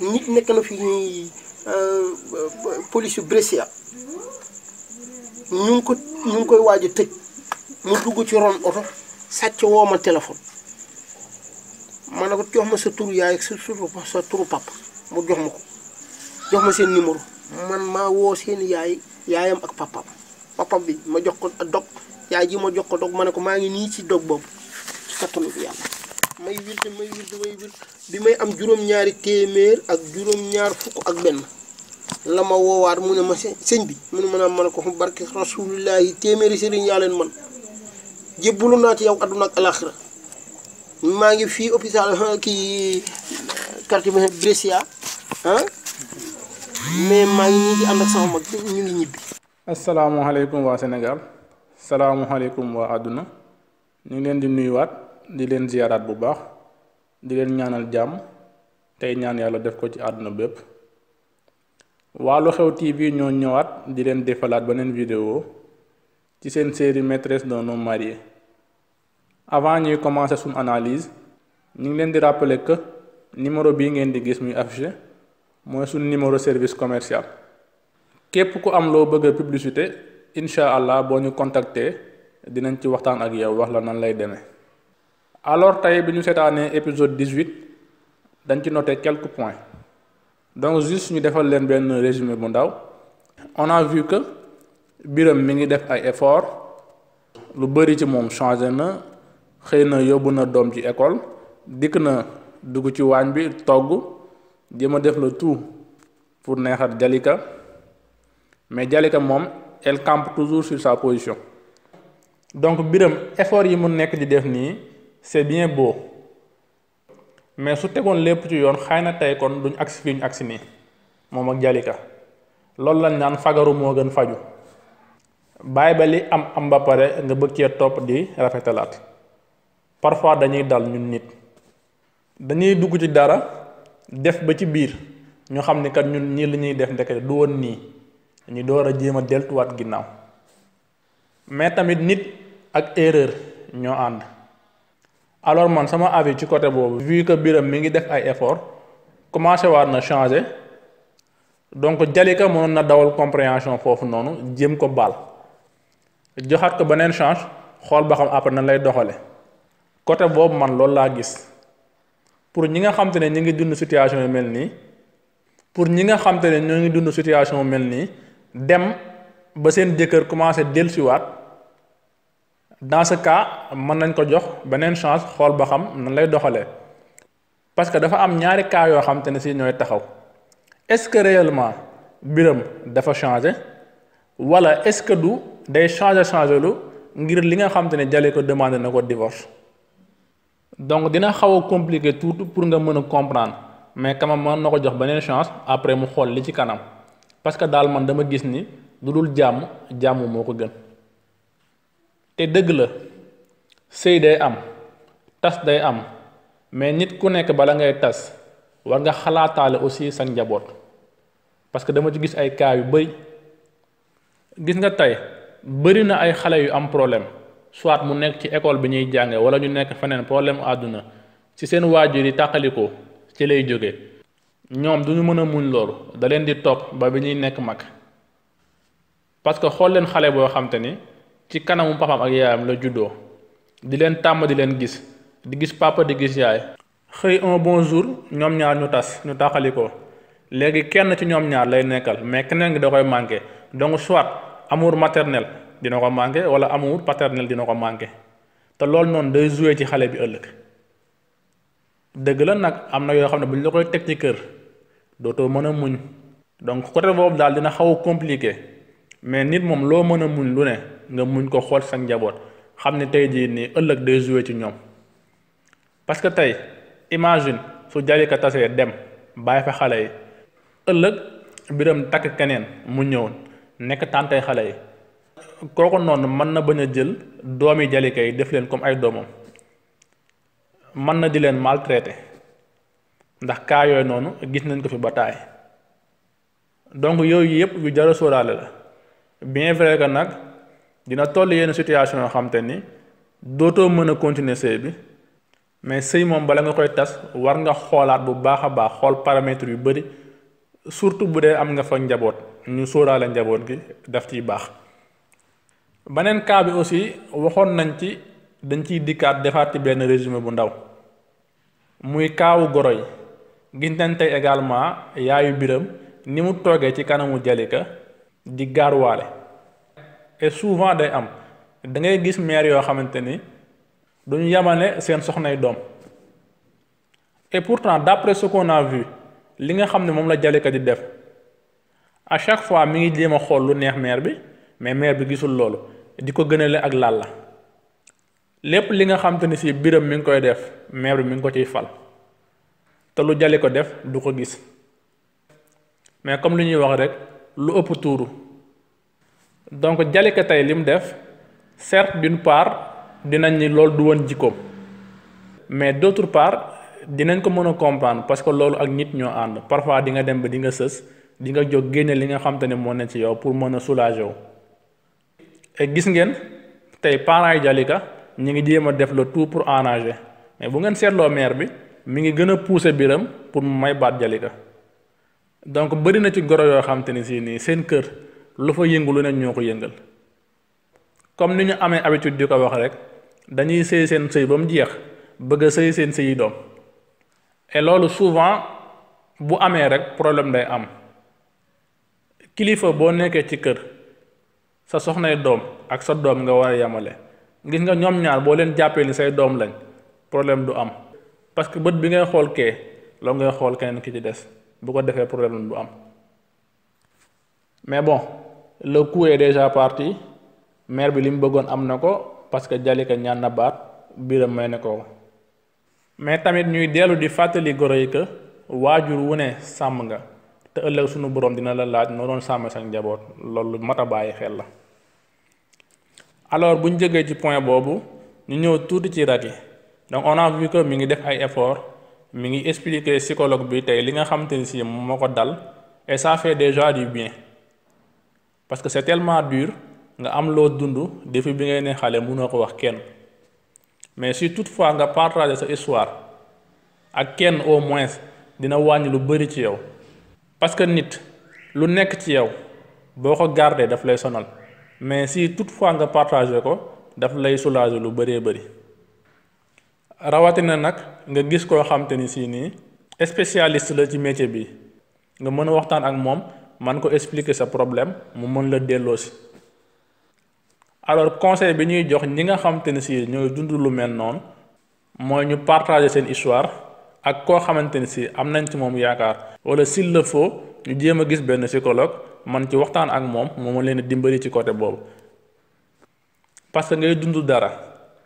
nit nekk na fi ñuy euh, police yu Brescia ñu ngi ko ñu ngi koy waaj a mu dugg ci ron oto sàcc woo ma téléphone ma ne ko jox ma sa turu yaay ak sa turu sa turu papa mu jox ma ko jox ma seen numéro man maa woo seen yaay yaayam ak papaam papaam bi ma jox ko dog yaay ji ma jox ko dog ma ne ko maa ngi nii ci dog boobu ci kattanu bi yàlla. may wird may wird may wird bi may am juróom-ñaari téeméer ak juróom-ñaar fukk ak benn la ma woowaat mu ne ma sëñ bi mu ne ma naa mën ko xam barke rasulillahi téeméeri sëriñ yaa leen man jébbalu naa ci yow àdduna ak alaxira maa ngi fii hôpital kii quartier bi Brescia ah mais maa ngi ñu ngi ñibbi asalaamaaleykum waa Sénégal salaamualeykum waa àdduna ñu ngi leen di nuyuwaat di leen ziyaaraat bu baax di leen ñaanal jàmm tey ñaan yàlla def ko ci àdduna bépp waa lu xew TV ñoo ñëwaat di leen defalaat neen vidéo ci seen série maîtresse d'un homme marié avant ñuy commencer suñu analyse ñu ngi leen di rappeler que numéro bii ngeen di gis muy affiché mooy suñu numéro service commercial képp ku am loo bëgg a publicité incha allah boo ñu contacter dinañ ci waxtaan ak yow wax la nan lay demee. alors tey bi ñu seetaanee épisode dix huit dañ ci noté quelques points donc juste ñu defal leen benn résumé bu ndaw on a vu que biram mi ngi def ay effort lu bëri ci moom changé na xëy na yóbbu na doom ci école dikk na dugg ci waañ bi togg jéem a def le tout pour neexal Jalika mais Jalika moom elle camp toujours sur sa position donc Birame effort yi mu nekk di def nii. c'est bien boo mais su tegoon lépp ci yoon xaay na tey kon duñ agsi fi ñu agsi nii moom ak Jalika loolu lañ naan fagaru moo gën faju bàyyi ba li am am ba pare nga bëgg cee topp di rafetalaat parfois dañuy dal ñun nit dañuy dugg ci dara def ba ci biir ñu xam ni kat ñun ñii li ñuy def ndekete du woon nii ñu door a jéem a deltuwaat ginnaaw mais tamit nit ak erreur ñoo ànd alors man sama avis ci côté boobu vu que Biram mi ngi def ay effort commencé waat na changé donc Jalika mënoon na dawal compréhension foofu noonu jéem ko baal joxaat ko beneen change xool ba xam après nan lay doxale côté boobu man loolu laa gis pour ñi nga xam te ne ñu ngi dund situation yu mel nii pour ñi nga xam te ne ñoo ngi dund situation mel nii dem ba seen jëkkër commencé dellusiwaat dans ce cas mën nañ ko jox beneen chance xool ba xam nan lay doxalee parce que dafa am ñaari cas yoo xam ne si ñooy taxaw est-ce que réellement biram dafa changé wala est-ce que du day changé changé lu ngir li nga xam te ne jale ko demandé na ko divorce donc dina xaw a compliqué tuuti pour nga mën a comprendre mais quand man na ko jox beneen chance après mu xool li ci kanam parce que daal man dama gis ni lu dul jàmm jàmm moo ko gën. te dëgg la sëy day am tas day am mais nit ku nekk bala ngay tas war nga xalaataale aussi sa njaboot parce que dama ci gis ay cas yu bëri gis nga tey bëri na ay xale yu am problème soit mu nekk ci école bi ñuy jànge wala ñu nekk feneen problème àdduna ci seen waajur yi tàqalikoo ci lay jóge ñoom duñu mën a muñ loolu da leen di topp ba bi ñuy nekk mag parce xool leen xale boo xam ni ci kanamu papaam ak yaayam la juddoo di leen tàmm di leen gis di gis papa di gis yaay xëy un bon jour ñoom ñaar ñu tas ñu taxali ko léegi kenn ci ñoom ñaar lay nekkal mais keneen gi da koy manqué donc soit amour maternel dina ko manqué wala amour paternel dina ko manqué te loolu noonu day joué ci xale bi ëllëg dëgg la nag am na yoo xam ne bu ñu la koy teg ci kër dootoo mën a muñ donc côté boobu daal dina xaw a compliqué mais nit moom loo mën a muñ lu ne nga muñ ko xool sa njaboot xam ne tey jii nii ëllëg day joué ci ñoom parce que tey imagine su Jalika tasee dem bàyyi fa xale yi ëllëg biram takk keneen mu ñëw nekk tàntay xale yi kooku noonu mën na bañ a jël doomi Jalika yi def leen comme ay doomam mën na di leen maltraité ndax kaa yooyu noonu gis nañ ko fi bataay donc yooyu yëpp yu jar a sóoraale la bien vrai que nag dina toll yenn situation yoo xam ni dootoo mën a continuer sëy bi mais sëy moom bala nga koy tas war nga xoolaat bu baax a baax xool paramètres yu bëri surtout bu dee am nga fa njaboot ñu sóoraale njaboot gi daf ciy baax. beneen cas bi aussi waxoon nañ ci dañ ciy dikkaat defaat ci benn résumé bu ndaw muy kaawu goro yi gis nañ également yaayu biram ni mu toogee ci kanamu Jalika. di gaaruwaale et souvent day am da ngay gis maire yoo xamante ni duñu yamale seen soxnay doom et pourtant d'après ce qu'on vu li nga xam ne moom la Jalika di def a chaque fois mi ngi jéem a xool lu neex maire bi mais maire bi gisul loolu di ko gënale ak Lalla lépp li nga xam te ni si biram mi ngi koy def maire bi mi ngi ko ciy fal te lu Jalika def du ko gis mais comme li ñuy wax rek. lu ëpp tuuru donc Jalika tey li mu def certes d'une part dinañ ni loolu du woon jikkoom mais d'autre part dinañ ko mën a comprendre parce que loolu ak nit ñoo ànd parfois di nga dem ba di nga sës di nga jóg génne li nga xam ne moo ne ci yow pour mën a soulager wu. gis ngeen tey parents yi Jalika ñu ngi jéem a def le tout pour arranger mais bu ngeen seetloo mère bi mi ngi gën a pousser biram pour mu may baat Jalika. donc bëri na ci goro yoo xam te ni si nii seen kër lu fa yëngu lu ne ñoo ko yëngal comme ni ñu amee habitude di ko wax rek dañuy sëy seen sëy ba mu jeex bëgg a sëy seen sëyi doom et loolu souvent bu amee rek problème day am kilifa boo nekkee ci kër sa soxnay doom ak sa doom nga war a yamale gis nga ñoom ñaar boo leen jàppee ni say doom lañ problème du am parce que bët bi ngay xool kee loolu ngay xool keneen ki ci des bu ko defee problème du am mais bon le coup est déjà parti maire bi li mu bëggoon am na ko parce que Jalika ñaan na baat biiram may ne ko mais tamit ñuy dellu di fàttali goro yi que waajur wu ne sàmm nga te ëllëg sunu borom dina la laaj noo doon sàmm sa njaboot loolu mat a bàyyi xel la alors buñ ñu ci point boobu ñu ñëw tuuti ci rat yi donc on a que mi ngi def ay effort mi ngi expliquer psychologue bi tey li nga xamante ni si moo ko dal et ça fait déjà du bien parce que c'est tellement dur nga am loo dund depuis bi ngay ne xale noo ko wax kenn mais si fois nga partager sa histoire ak kenn au moins dina wàññi lu bari ci yow parce que nit lu nekk ci yow boo ko gardé daf lay sonal mais si fois nga partager ko daf lay soulager lu bëree bëri rawatina nag nga gis koo xam te ni si nii spécialiste la ci métier bi nga mën a waxtaan ak moom man ko expliquer sa problème mu mën la delloosi alors conseil bi ñuy jox ñi nga xam te si ñooy dund lu mel noonu mooy ñu partager seen histoire ak koo xamante ni si am nañ ci moom yaakaar wala s'il la faut ñu jéem a gis benn psychologue man ci waxtaan ak moom moo ma leen dimbali ci côté boobu parce que ngay dund dara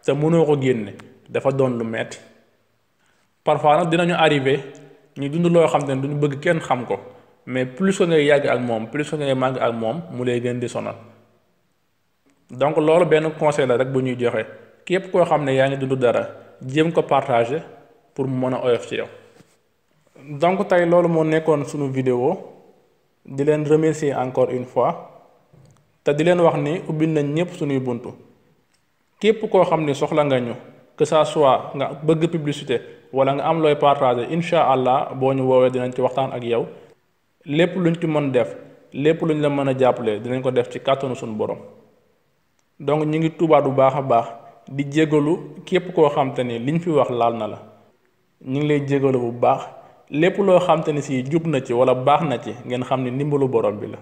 te mënoo ko génne dafa doon lu metti parfois nag dinañu arrivé ñu dund loo xam te ne duñu bëgg kenn xam ko mais plus que ngay yàgg ak moom plus que ngay màgg ak moom mu lay gën di sonal donc loolu benn conseil la rek bu ñuy joxe képp koo xam ne yaa ngi dund dara jéem ko partager pour mu mën a oyof ci yow. donc tey loolu moo nekkoon suñu vidéo di leen remercier encore une fois te di leen wax ni ubbi nañ ñëpp suñuy buntu képp koo xam ni soxla nga ñu. que ça soit nga bëgg publicité wala nga am looy partager incha allah boo ñu woowee dinañ ci waxtaan ak yow lépp lu luñ ci mën def lépp luñ la mën a jàppale dinañ ko def ci kàttanu suñu borom donc ñu ngi tuubaat bu baax a baax di jégalu képp koo xam te ni liñ fi wax laal na la ñu ngi lay jégalu bu baax lépp loo xam ni si jub na ci wala baax na ci ngeen xam ne ndimbalu borom bi la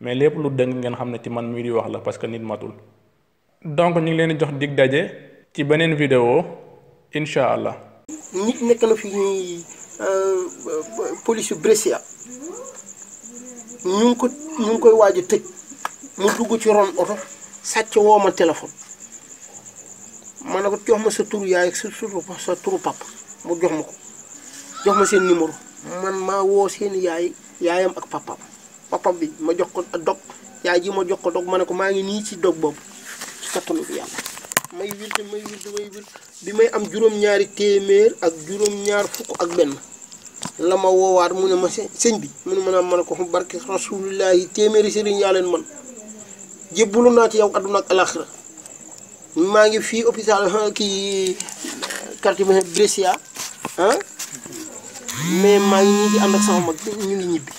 mais lépp lu dëng ngeen xam ne ci man mii di wax la parce que nit matul ci beneen vidéo incha allah. nit nekk na fi ñuy euh, police yu Brescia ñu ko ñu ngi koy waaj a tëj mu dugg ci ron oto sàcc woo ma téléphone ma ne ko jox ma sa turu yaay ak sa turu sa turu papa mu jox ma ko jox ma seen numéro man ma woo seen yaay yaayam ak papaam papaam bi ma jox ko dog yaay ji ma jox ko dog ma ne ko maa ngi nii ci dog boobu ci kattanu bi yàlla. may wird may wird may wird bi may am juróom-ñaari téeméer ak juróom-ñaar fukk ak benn la ma woowaat mu ne ma sëñ bi mu ne ma naan ma ne ko barke rasulillahi téeméeri sëriñ yaa leen man jébbalu naa ci yow adduna ak alaxira maa ngi fii hôpital ah, kii quartier Brescia ah mais maa ngi ñu ngi ànd ak sama mag ñu ngi ñibbi.